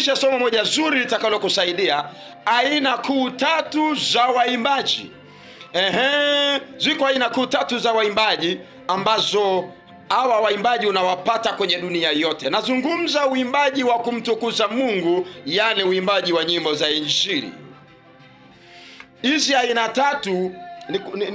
kisha somo moja zuri litakalokusaidia aina kuu tatu za waimbaji. Ehe, ziko aina kuu tatu za waimbaji ambazo hawa waimbaji unawapata kwenye dunia yote. Nazungumza uimbaji wa kumtukuza Mungu, yani uimbaji wa nyimbo za Injili. Hizi aina tatu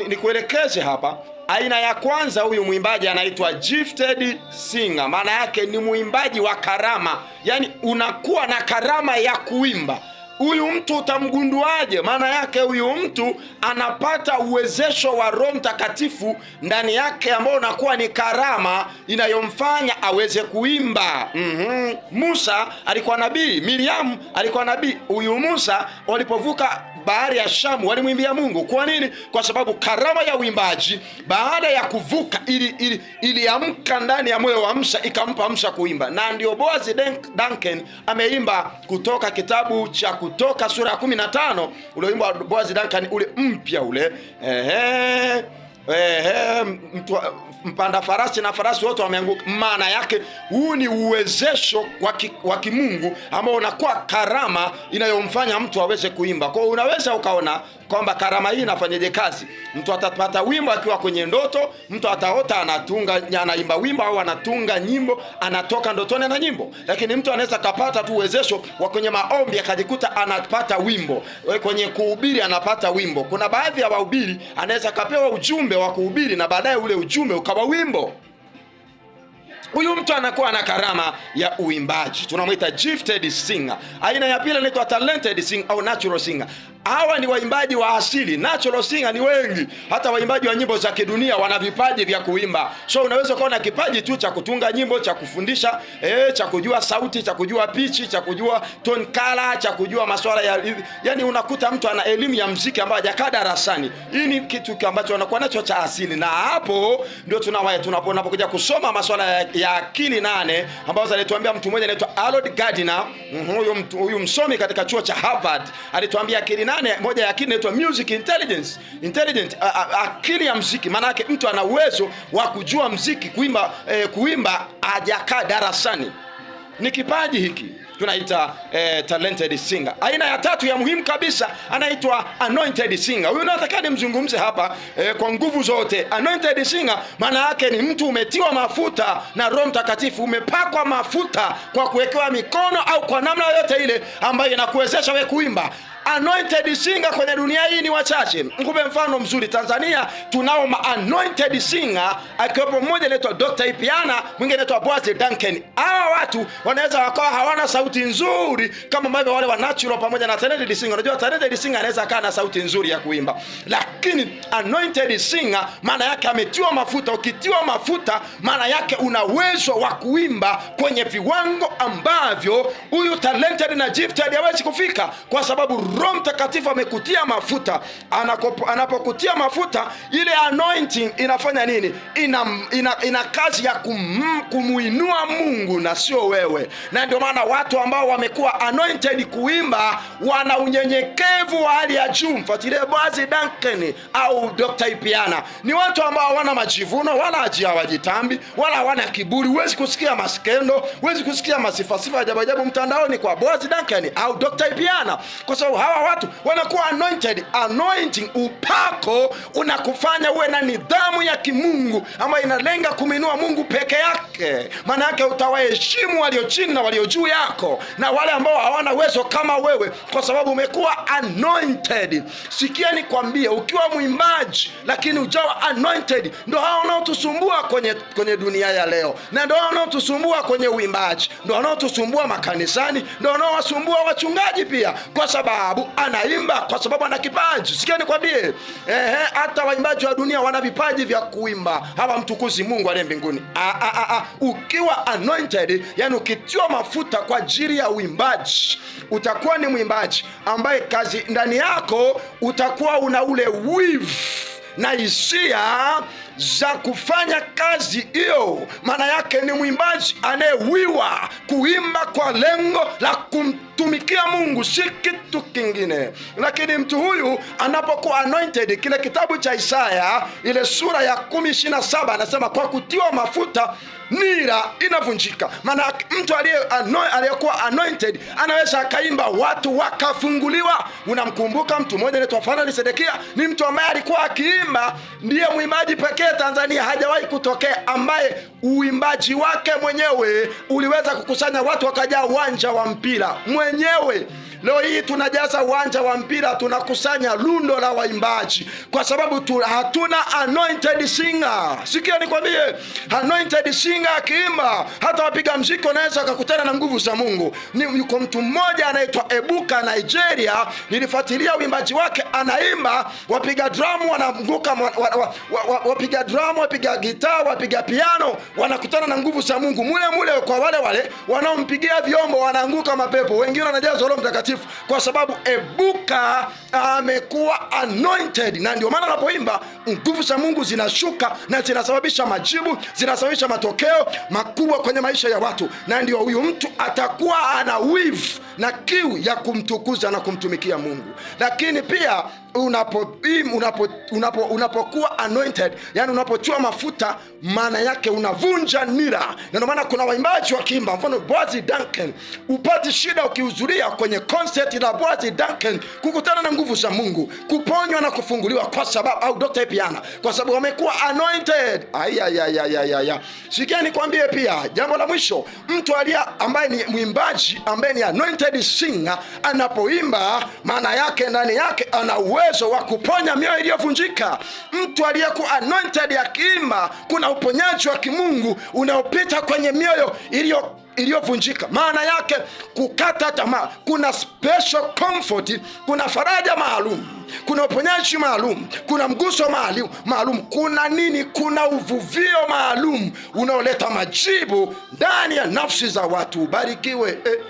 nikuelekeze ni, ni, ni hapa Aina ya kwanza, huyu mwimbaji anaitwa gifted singer, maana yake ni mwimbaji wa karama, yaani unakuwa na karama ya kuimba huyu mtu utamgunduaje? Maana yake huyu mtu anapata uwezesho wa Roho Mtakatifu ndani yake ambao unakuwa ni karama inayomfanya aweze kuimba. mm -hmm. Musa alikuwa nabii, miriamu alikuwa nabii. Huyu Musa walipovuka bahari ya Shamu walimwimbia Mungu. Kwa nini? Kwa sababu karama ya uimbaji baada ya kuvuka iliamka ili ndani ya moyo wa msa ikampa msa kuimba, na ndio boazi Duncan ameimba kutoka kitabu cha kutoka sura ya 15 ule wimbo wa Boaz Duncan ule mpya ule ehe Ehe, mtu, mpanda farasi na farasi wote wameanguka. Maana yake huu ni uwezesho wa kimungu ambao unakuwa karama inayomfanya mtu aweze kuimba. Kwa hiyo unaweza ukaona kwamba karama hii inafanyaje kazi. Mtu atapata wimbo akiwa kwenye ndoto, mtu ataota anatunga anaimba wimbo au anatunga nyimbo, anatoka ndotoni na nyimbo. Lakini mtu anaweza kapata tu uwezesho wa kwenye maombi akajikuta anapata wimbo, kwenye kuhubiri anapata wimbo. Kuna baadhi ya wahubiri anaweza kapewa ujumbe ujumbe wa kuhubiri na baadaye ule ujumbe ukawa wimbo. Huyu mtu anakuwa na karama ya uimbaji, tunamwita gifted singer. Aina ya pili anaitwa talented singer au natural singer. Hawa ni waimbaji wa asili. Natural singer ni wengi, hata waimbaji wa nyimbo za kidunia wana vipaji vya kuimba. So unaweza ukawa na kipaji tu cha kutunga nyimbo, cha kufundisha eh, cha kujua sauti, cha kujua pichi, cha kujua tone color, cha kujua masuala ya yani, unakuta mtu ana elimu ya mziki ambayo hajakaa darasani. Hii ni kitu ambacho anakuwa nacho cha asili, na hapo ndio tunapokuja kusoma masuala ya ya akili nane ambazo alituambia mtu mmoja anaitwa Harold Gardner, mhm, huyu mtu huyu msomi katika chuo cha Harvard alituambia akili nane, moja ya akili inaitwa music intelligence, intelligent akili ya muziki. Maana yake mtu ana uwezo wa kujua muziki, kuimba eh, kuimba ajakaa darasani, ni kipaji hiki tunaita eh, talented singer. Aina ya tatu ya muhimu kabisa anaitwa anointed singer. Huyu nataka nimzungumze hapa eh, kwa nguvu zote. Anointed singer maana yake ni mtu umetiwa mafuta na Roho Mtakatifu, umepakwa mafuta kwa kuwekewa mikono au kwa namna yoyote ile ambayo inakuwezesha we kuimba anointed singer kwenye dunia hii ni wachache. Nikupe mfano mzuri, Tanzania tunao ma anointed singer, akiwepo mmoja anaitwa Dr. Ipiana, mwingine anaitwa Boaz Duncan. Hawa watu wanaweza wakawa hawana sauti nzuri kama ambavyo wale wa natural pamoja na talented singer. Unajua talented singer anaweza akawa na sauti nzuri ya kuimba, lakini anointed singer maana yake ametiwa mafuta. Ukitiwa mafuta, maana yake una uwezo wa kuimba kwenye viwango ambavyo huyu talented na gifted hawezi kufika, kwa sababu Roho Mtakatifu amekutia mafuta, anapokutia mafuta, ile anointing inafanya nini? Ina, ina, ina kazi ya kum, kumuinua Mungu na sio wewe. Na ndio maana watu ambao wamekuwa anointed kuimba wana unyenyekevu wa hali ya juu. Mfuatilie Bazi Duncan au Dr. Ipiana, ni watu ambao hawana majivuno wala hawajitambi wala hawana kiburi. Huwezi kusikia maskendo, huwezi kusikia masifasifa ajabu ajabu mtandaoni kwa Bazi Duncan au Dr. Ipiana kwa sababu hawa watu wanakuwa anointed. Anointing, upako unakufanya uwe na nidhamu ya kimungu ambayo inalenga kuminua Mungu peke yake. Maana yake utawaheshimu walio chini na walio juu yako na wale ambao hawana uwezo kama wewe, kwa sababu umekuwa anointed. Sikia nikwambie, ukiwa mwimbaji lakini ujawa anointed, ndo hao wanaotusumbua kwenye, kwenye dunia ya leo, na ndo hao wanaotusumbua kwenye uimbaji, ndo wanaotusumbua makanisani, ndo wanaowasumbua wachungaji pia, kwa sababu sababu anaimba, kwa sababu ana kipaji. Sikia nikwambie, ehe, hata waimbaji wa dunia wana vipaji vya kuimba, hawa mtukuzi Mungu aliye mbinguni. a, a, a. Ukiwa anointed, yani ukitiwa mafuta kwa ajili ya uimbaji, utakuwa ni mwimbaji ambaye kazi ndani yako utakuwa una ule wivu na hisia za kufanya kazi hiyo, maana yake ni mwimbaji anayewiwa kuimba kwa lengo la kumtumikia Mungu, si kitu kingine. Lakini mtu huyu anapokuwa anointed, kile kitabu cha Isaya ile sura ya kumi anasema kwa kutiwa mafuta nira inavunjika. Maana mtu aliyekuwa anointed anaweza akaimba watu wakafunguliwa. Unamkumbuka mtu mmoja anaitwa Fanani Sedekia, ni mtu ambaye alikuwa akiimba, ndiye mwimbaji pekee asiye Tanzania hajawahi kutokea ambaye uimbaji wake mwenyewe uliweza kukusanya watu wakajaa uwanja wa mpira mwenyewe. Leo hii tunajaza uwanja wa mpira, tunakusanya lundo la waimbaji kwa sababu tu, hatuna anointed singer. Sikia nikwambie, anointed singer akiimba, hata wapiga mziki wanaweza wakakutana na nguvu za Mungu. Yuko mtu mmoja anaitwa Ebuka Nigeria, nilifuatilia uimbaji wake, anaimba, wapiga drum wanaanguka, wapiga wapiga drama wapiga gitaa, wapiga piano wanakutana na nguvu za Mungu mule mule. Kwa wale wale wanaompigia vyombo wanaanguka mapepo, wengine wanajaza Roho Mtakatifu kwa sababu Ebuka amekuwa anointed, na ndio maana anapoimba nguvu za Mungu zinashuka na zinasababisha majibu, zinasababisha matokeo makubwa kwenye maisha ya watu, na ndio huyu mtu atakuwa ana wivu na kiu ya kumtukuza na kumtumikia Mungu, lakini pia unapo, unapo, unapo, unapokuwa anointed yani unapochua mafuta maana yake unavunja nira na ndio maana kuna waimbaji wa kimba mfano boazi duncan upati shida ukihudhuria kwenye concert la boazi duncan kukutana na nguvu za mungu kuponywa na kufunguliwa kwa sababu au dr epiana kwa sababu wamekuwa anointed ayayayayaya sikia nikwambie pia jambo la mwisho mtu alia ambaye ni mwimbaji ambaye ni anointed singer anapoimba maana yake ndani yake ana uwezo uwezo wa kuponya mioyo iliyovunjika. Mtu aliyekuwa anointed akiimba, kuna uponyaji wa kimungu unaopita kwenye mioyo iliyo iliyovunjika maana yake kukata tamaa. Kuna special comfort, kuna faraja maalum, kuna uponyaji maalum, kuna mguso maalum maalum, kuna nini? Kuna uvuvio maalum unaoleta majibu ndani ya nafsi za watu. Ubarikiwe eh.